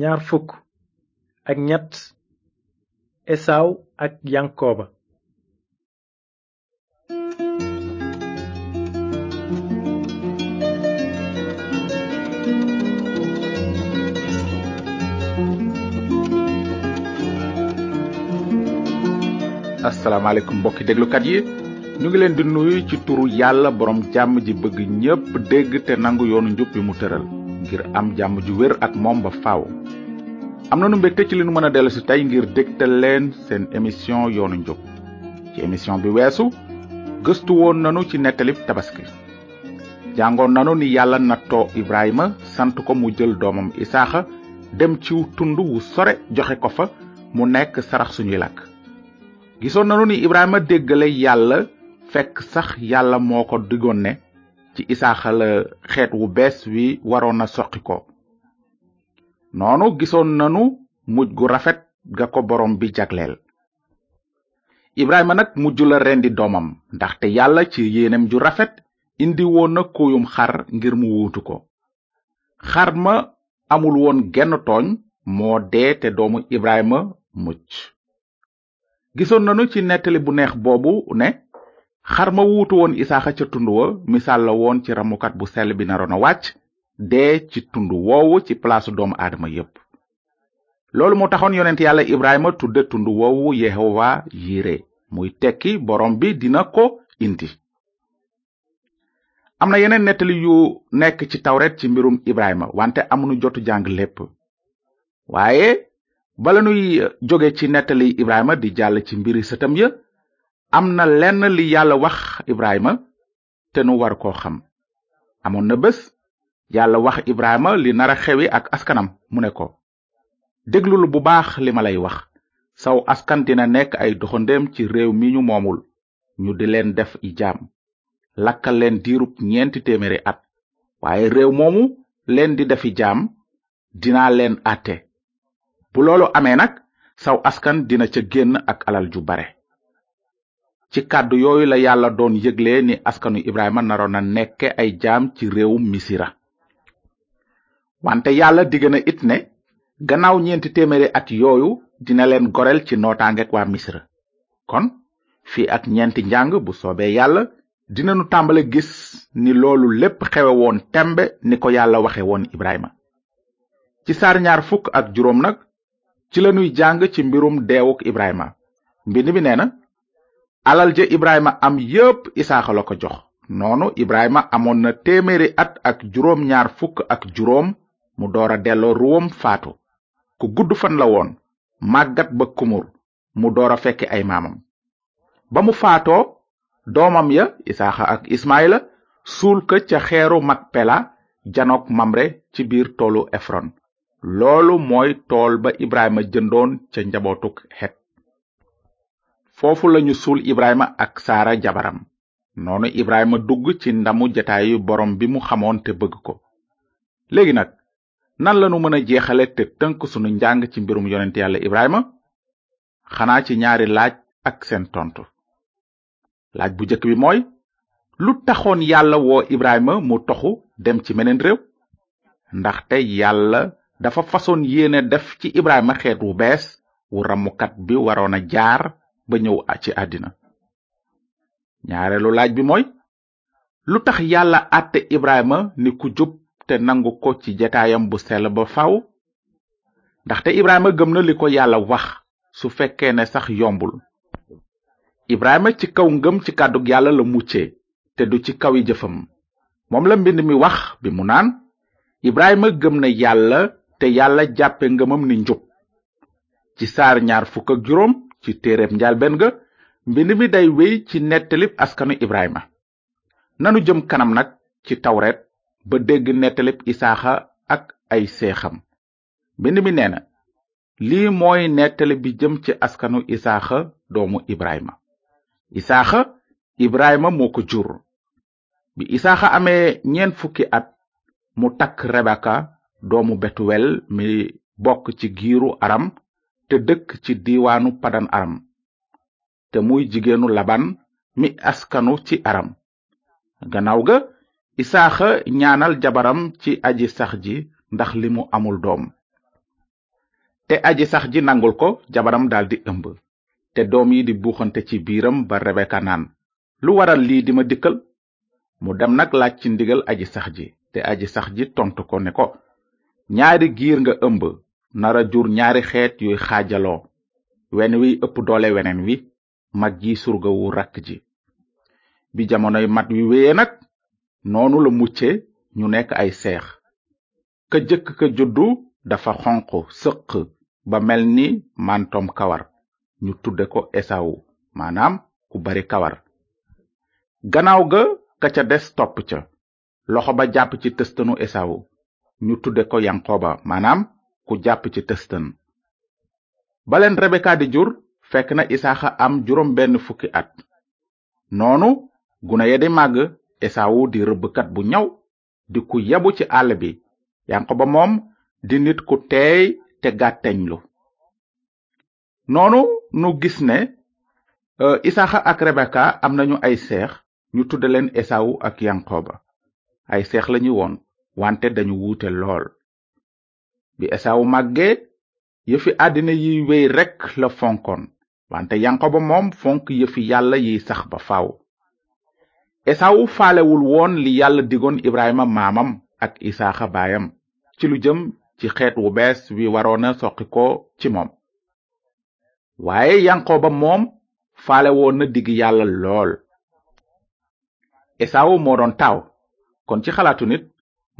ñaar fukk ak ñett esaaw ak yankooba asalaamaaleykum mbokki déglukat yi ñu ngi leen di nuyu ci turu yàlla boroom jàmm ji bëgg ñépp dégg te nangu yoonu njub bi mu tëral ngir am jàmm ju wér ak moom ba faaw am na nu mbégte ci li nu mën a dellu tey ngir dégtal leen seen émission yoonu njub ci émission bi weesu gëstu woon nanu ci nettalib tabaski jàngoon nanu ni yàlla nattoo Ibrahima sant ko mu jël doomam Isaaxa dem ci tund wu sore joxe ko fa mu nekk sarax suñuy làkk gisoon nanu ni Ibrahima déggale yàlla fekk sax yàlla moo ko digoon ne ci isaaxa eh, xeet wu bees wi waroon na soqi ko noonu gisoon nanu mujj gu rafet ga ko boroom bi jagleel ibrahima nag mujj la rendi doomam ndaxte yàlla ci yéenem ju rafet indi woon na kóoyum xar ngir mu wuutu ko xar ma amul woon genn tooñ moo dee te doomu ibrahima mucc gisoon nanu ci nettali bu neex boobu ne xar ma wuutu woon isaaxa ca tund wa misaal la woon ci ramukat bu sell bi naroon a wàcc dee ci tund woowu ci palaasu doomu aadama yépp loolu moo taxoon yonent yàlla ibrahima tudde tund woowu yehowa yire muy tekki boroom bi dina ko indi am na yeneen nettali yu nekk ci tawret ci mbirum ibrahima wante amunu jotu jàng lépp waaye bala nuy jóge ci nettali ibrahima di jàll ci mbiri satam ya am na lenn li yàlla wax Ibrahima te nu war koo xam amoon na bés yàlla wax Ibrahima li nara xewi ak askanam mu ne ko déglul bu baax li ma lay wax saw askan dina nekk ay doxandéem ci réew mi ñu moomul ñu di leen def i jaam lakkal leen diirub ñeenti téeméeri at waaye réew moomu leen di defi jaam dinaa leen ate bu loolu amee nag saw askan dina ca génn ak alal ju bare ci kàddu yooyu la yàlla doon yëgle ni askanu ibrahima naroon na nekke ay jaam ci réewum misira wante yàlla digg na it ne gannaaw ñeenti téeméeri at yooyu dina leen goreel ci nootaangeek waa misra kon fii ak ñeenti njàng bu soobee yàlla dinanu tàmbale gis ni loolu lépp xewe woon tembe ni ko yàlla waxe woon ibrahima ci saar ñaar fukk ak juróom nag ci lanuy jàng ci mbirum deewuk ibrahima mbind mi na alal ja ibrahima am yépp isaaxa la ko jox noonu ibrahima amoon na téeméeri at ak juróom ñaar fukk ak juróom mu door a delloo ruwam faatu ku gudd fan la woon màggat ba kumur mu door a fekki ay maamam ba mu faatoo doomam ya isaaxa ak ismaila suul ka ca xeeru makpela janoog mamre ci biir toolu efron loolu mooy tool ba ibrahima jëndoon ca njabootuk xet foofu lañu suul ibrahima ak saara jabaram noonu ibrahima dugg ci ndamu jataayu borom bi mu xamoon te bëgg ko léegi nag nan lanu mën a jeexale te tënk sunu njàng ci mbirum yonent yàlla ibrahima xanaa ci ñaari laaj ak seen tontu laaj bu jëkk bi mooy lu taxoon yàlla woo ibrahima mu toxu dem ci meneen réew ndaxte yàlla dafa fasoon yéene def ci ibrahima xeet wu bees wu ramukat bi waroon a jaar ba ñëw ci àddina ñaareelu laaj bi mooy lu tax yàlla àtte Ibrahima ni ku jub te nangu ko ci jataayam bu sela ba faaw ndaxte Ibrahima gëm na li ko yàlla wax su fekkee ne sax yombul Ibrahima ci kaw gëm ci kàddug yàlla la muccee te du ci kaw yi jëfam moom la mbind mi wax bi mu naan Ibrahima gëm na yàlla te yàlla jàppe ngëmam ni njub ci saar ñaar fukk juróom ci téereb njaalbeen ga mbind mi day wéy ci nettalib askanu ibrahima nanu jëm kanam nag ci tawret ba dégg nettalib isaaxa ak ay seexam mbind mi nee lii mooy nettali bi jëm ci askanu isaaxa doomu ibrahima isaaxa ibrahima moo ko jur bi isaaxa amee ñeent fukki at mu takk rebeka doomu betuwel mi bokk ci giiru aram te dëkk ci diwaanu padan aram te muy jigéenu laban mi askanu ci aram gannaaw ga isaaxa ñaanal jabaram ci aji sax ji ndax li mu amul doom te aji sax ji nangul ko jabaram daldi ëmb te doom yi di buuxante ci biiram ba rebeka naan lu waral lii di ma dikkal mu dem nag laaj ci ndigal aji sax ji te aji sax ji tontu ko ne ko ñaari giir nga ëmb nara jur ñaari xeet yuy xaajaloo wenn wi ëpp doole weneen wi mag yi surga wu rakk ji bi jamonoy mat wi wéye nag noonu la mucce ñu nekk ay seex ka jëkk ka juddu dafa xonq sëq ba mel ni mantoom kawar ñu tudde ko esawu maanaam ku bari kawar gannaaw ga ka ca des topp ca loxo ba jàpp ci tëstanu esawu ñu tudde ko yanqooba maanaam ku jàpp ci tëstan baleen rebeka di jur fekk na isaaxa am juróom benn fukki at noonu gune ya di màgg esaawu di rëbbkat bu ñaw di ku yebu ci àll bi yanqoba moom di nit ku teey te gàtteñlu noonu nu gis ne uh, isaaxa ak rebeka am nañu ay seex ñu tudde leen esaawu ak yanqoba ay seex lañu woon wante dañu wuute lool bi esaawu màggee yëfi àddina yiy wéy rekk la fonkoon wante ba moom fonk yëfi yàlla yi sax ba faaw esaawu faalewul woon li yàlla digoon ibrahima maamam ak isaaxa baayam ci lu jëm ci xeet wu bees wi waroona soqi ko ci moom waaye yanqoba moom faale na digi yàlla lool esaawu moo doon taaw kon ci xalaatu nit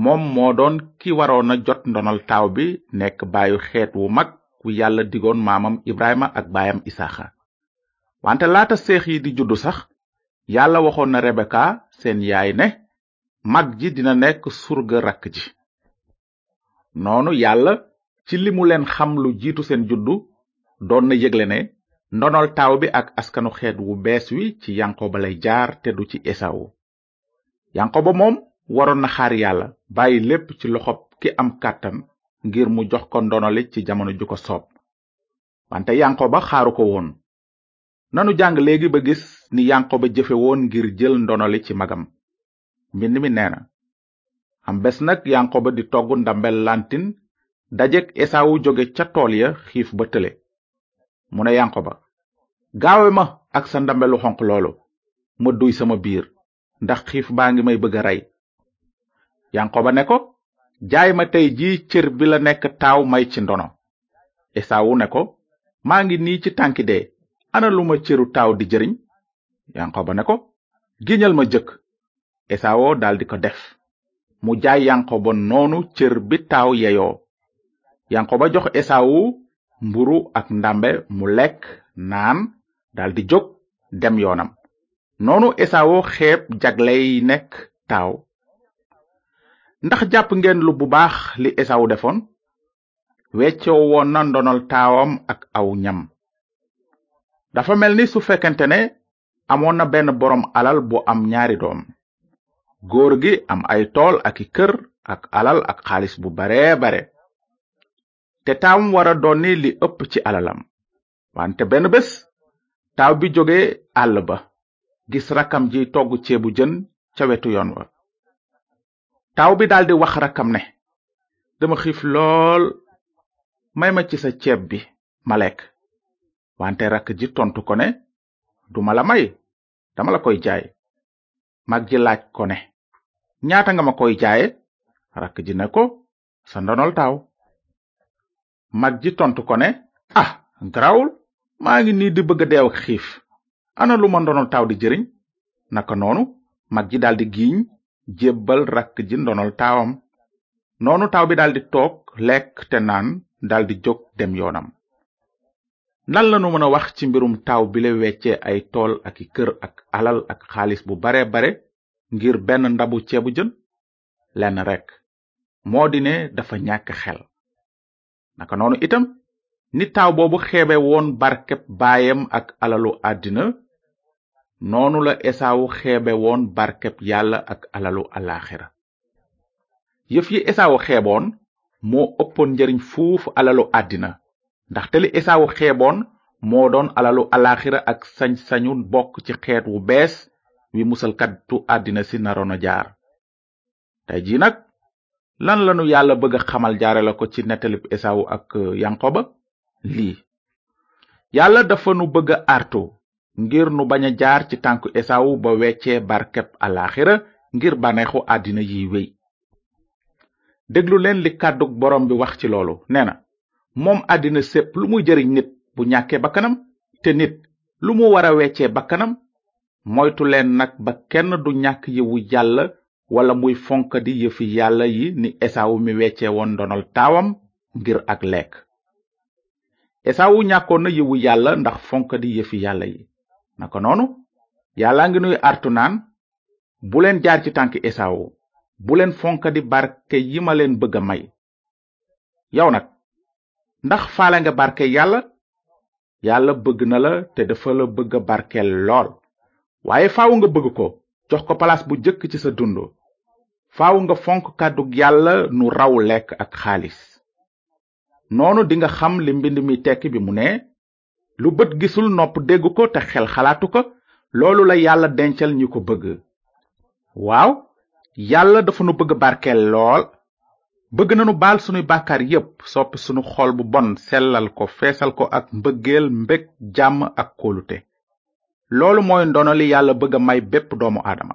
moom moo doon ki waroon a jot ndonal taaw bi nekk baayu xeet wu mag wu yàlla digoon maamam ibrahima ak baayam isaaxa wante laata seex yi di juddu sax yàlla waxoon na rebeka seen yaay ne mag ji dina nekk surga rakk ji noonu yàlla ci limu leen xam lu jiitu seen juddu doon na yëgle ne ndonol taaw bi ak askanu xeet wu bees wi ci yankoba lay jaar te du ci esawu yankoba moom waroon na xaar yàlla bàyyi lépp ci loxob ki am kàttan ngir mu jox ko ndonoli ci jamono ju ko soob wante ba xaaru ko woon nanu jàng léegi ba gis ni ba jëfe woon ngir jël ndonoli ci magam mbind mi nee na am bés nag ba di togg ndambel lantin dajek esaawu jóge ca tool ya xiif ba tële mu ne ba gaawe ma ak sa ndambelu xonq loolu ma duy sama biir ndax xiif baa ngi may bëgg a rey yanqoba ne ko jaay ma tey jii cër bi la nekk taaw may ci ndono esaawu ne ko maa ngi nii ci tànki de ana lu cëru taaw di jëriñ yanqoba ne ko giñal ma jëkk dal di ko def mu jaay yanqoba noonu cër bi taaw yeyoo yanqoba jox esaawu mburu ak ndambe mu lekk naan daldi jóg dem yoonam noonu esaawoo xeeb jagley nekk taaw ndax jàpp ngeen lu bu baax li esaw defoon weccoo woon na ndonol taawam ak aw ñam dafa mel ni su fekkente ne amoon na benn boroom alal bu am ñaari doom góor gi am ay tool ak i kër ak alal ak xaalis bu bare bare te taawam wara donni li ëpp ci alalam wante benn bés taaw bi jóge àll ba gis rakam ji togg ceebu jën ca wetu yoon wa taaw bi daldi wax rakkam ne dama xiif lool may ma ci sa ceeb bi ma lekk wante rakk ji tontu ko ne duma la may dama la koy jaay mag ji laaj ko ne ñaata nga ma koy jaaye rakk ji ne ko sa ndonol taaw mag ji tontu ko ne ah garawul maa ngi nii di bëgg a deew xiif ana lu ma ndonol taaw di jëriñ naka noonu mag ji daldi giiñ jébbal rakk ji ndonol taawam noonu taaw bi dal di toog lekk te naan dal di jóg dem yoonam lan lanu mën a wax ci mbirum taaw bile wecce ay tool ak i kër ak alal ak xaalis bu bare bare ngir benn ndabu ceebu jën lenn rekk moo di ne dafa ñàkk xel naka noonu itam ni taaw boobu xeebe woon barkeb baayam ak alalu àddina noonu la esaawu xeebe woon barkeb yàlla ak alalu alaxira yëf yi esaawu xeeboon moo ëppoon njariñ fuufu alalu àddina ndaxte li esaawu xeeboon moo doon alalu alaxira ak sañ-sañu bokk ci xeet wu bees wi musalkatu àddina si naroon a jaar tey jii nag lan lanu yàlla bëgg xamal jaare la ko ci nettalib esaawu ak yanqoba lii yàlla dafa nu bëgg a artu ngir nu bañ a jaar ci tànk esawu ba weccee barkeb alaxira ngir baneexu àddina yiy wéy déglu leen li kàddug borom bi wax ci loolu nee na moom àddina sépp lu mu jëriñ nit bu ñàkkee bakkanam te nit lu mu war a weccee bakkanam moytu leen nag ba kenn du ñàkk yiwu yàlla walla muy fonk di yëfi yàlla yi ni esaawu mi wecce woon ndonal taawam ngir ak lekk esaawu ñàkkoon na yiwu yàlla ndax fonk di yëfi yàlla yi naka noonu yàlla ngi nuy artu naan bu leen jaar ci tànk esaawu bu leen di barke yi ma leen bëgg a may yow nag ndax faale nga barke yàlla yàlla bëgg na la te dafa la bëgg a barkeel lool waaye faaw nga bëgg ko jox ko palaas bu jëkk ci sa dund faaw nga fonk kàddu yàlla nu raw lekk ak xaalis noonu dinga xam li mbind mi tekk bi mu ne lu bët gisul nopp dégg ko te xel xalaatu ko loolu la yàlla dencal ñu ko bëgg waaw yàlla dafa nu bëgg barkeel lool bëgg na nanu baal sunuy bàkkaar yépp soppi sunu xol bu bon sellal ko feesal ko ak mbëggeel mbég jàmm ak kóolute loolu mooy ndono li yàlla bëgg a may bépp doomu aadama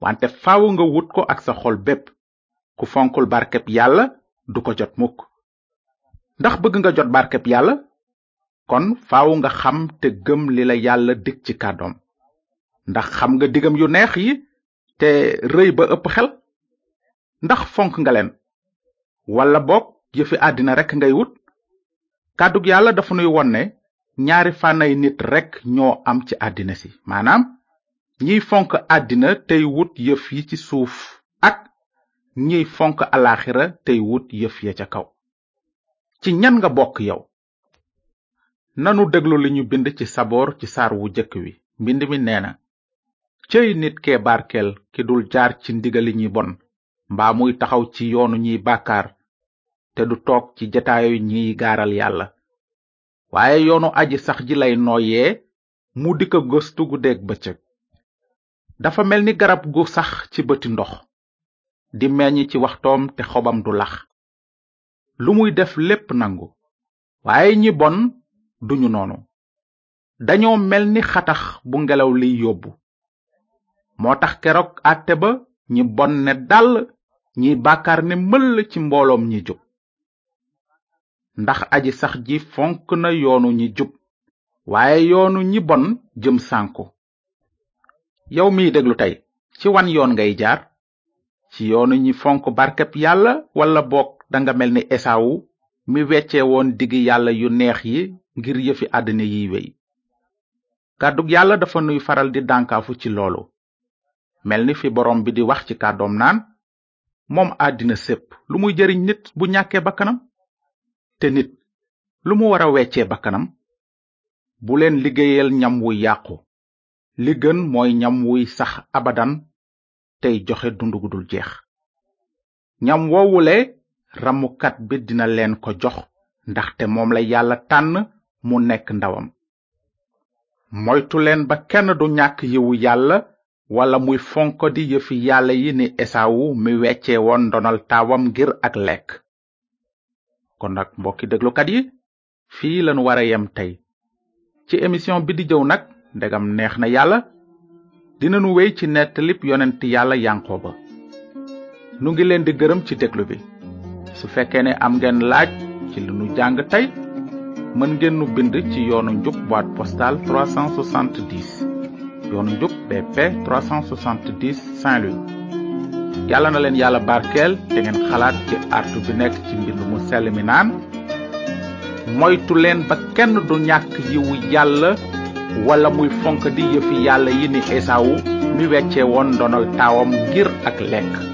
wante faw nga wut ko ak sa xol bépp ku fonkul barkeb yàlla du ko jot mukk ndax bëgg nga jot barkeb yàlla kon faaw nga xam te gëm lii la yàlla dig ci kàddoom ndax xam nga digam yu neex yi te rëy ba ëpp xel ndax fonk nga leen walla boog jëfi àddina rekk ngay wut kàddug yàlla dafa nuy won ne ñaari fànnay nit rekk ñoo am ci àddina si maanaam ñiy fonk àddina tey wut yëf yi ci suuf ak ñiy fonk alaxira tey wut yëf ya ca kaw ci ñan nga bokk yow nanu déglu li ñu bind ci saboor ci saar wu jëkk wi mbind mi nee na cëy nit kee barkeel ki dul jaar ci ndigali ñi bon mbaa muy taxaw ci yoonu ñiy bàkkaar te du toog ci jataayu ñiy gaaral yàlla waaye yoonu aji sax ji lay nooyee mu dikk gëstu gu guddeeg bëccëg dafa mel ni garab gu sax ci bëti ndox di meññ ci waxtoom te xobam du lax lu muy def lépp nangu waaye ñi bon duñu noonu dañoo mel ni xatax bu ngelaw liy yóbbu moo tax keroog àtte ba ñi bon ne dàll ñiy bàkkaar ne mëll ci mbooloom ñi jub ndax aji sax ji fonk na yoonu ñi jub waaye yoonu ñi bon jëm sànku yow miy déglu tey ci wan yoon ngay jaar ci yoonu ñi fonk barkeb yàlla walla boog danga mel ni esaawu mi weccee woon digg yàlla yu neex yi ngir yëfi àddina yiy wey kàddug yàlla dafa nuy faral di dànkaafu ci loolu mel ni fi boroom bi di wax ci kàddoom naan moom àddina sépp lu muy jëriñ nit bu ñàkkee bakkanam te nit lu mu war a weccee bakkanam buleen leen liggéeyal ñam wuy yàqu li gën mooy ñam wuy sax abadan tey joxe dund gu jeex ñam woowule ramukat bi dina leen ko jox ndaxte moom la yàlla tànn mu nekk ndawam moytu leen ba kenn du ñàkk yiwu yàlla walla muy fonko di yëfi yàlla yi ni esaawu mi wecce woon ndonal taawam ngir ak lekk kon nag mbokki déglukat yi fii lañu wara yem tey ci émission bi di jëw nag ndegam neex na yàlla dinanu wéy ci nettalib yonent yàlla ba nu ngi leen di gërëm ci déglu bi su fekkee ne am ngeen laaj ci li nu jàng tey mën ngeen nu bind ci yoonu njub boîte postale 370 yoonu njub BP 370 Saint-Louis yàlla na leen yàlla barkeel te ngeen xalaat ci artu bi nekk ci mbind mu sell mi naan moytu leen ba kenn du ñàkk yiwu yàlla wala muy fonk di yëfi yàlla yi ni esaawu mi weccee woon ndonal taawam ngir ak lekk